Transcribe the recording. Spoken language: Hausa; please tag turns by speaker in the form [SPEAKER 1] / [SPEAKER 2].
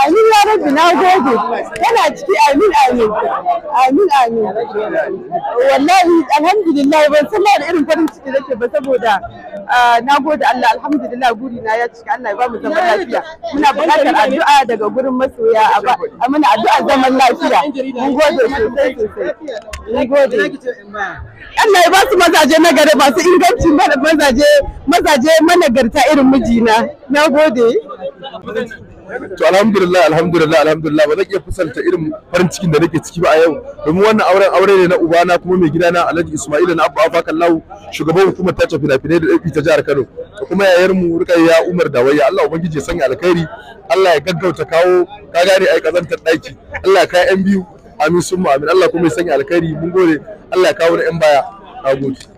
[SPEAKER 1] Amin ya rabbi na gode. Yana ciki amin amin. Amin
[SPEAKER 2] amin. Wallahi alhamdulillah ban san ma da irin farin ba saboda na gode Allah alhamdulillah guri na ya cika Allah ya ba mu zaman lafiya muna buƙatar addu'a daga gurin masoya a muna addu'a zaman lafiya mun gode sosai sosai mun gode Allah ya ba su mazaje na
[SPEAKER 3] gari masu inganci mazaje mazaje managarta irin mijina na gode
[SPEAKER 1] to alhamdulillah alhamdulillah alhamdulillah ba zan iya fusanta irin farin cikin da nake ciki ba a yau domin wannan auren aure ne na ubana kuma mai gidana Alhaji Ismail na Abba Afakan Lawu shugaban hukumar tace finafinai da ɗauki ta jihar Kano da kuma yayar mu Rukayya Umar Dawayya Allah ubangiji ya sanya alkhairi Allah ya gaggauta kawo ka gane ai kazantar daki Allah ka yan biyu amin sun amin Allah kuma ya sanya alkhairi mun gode Allah ya kawo na yan baya nagode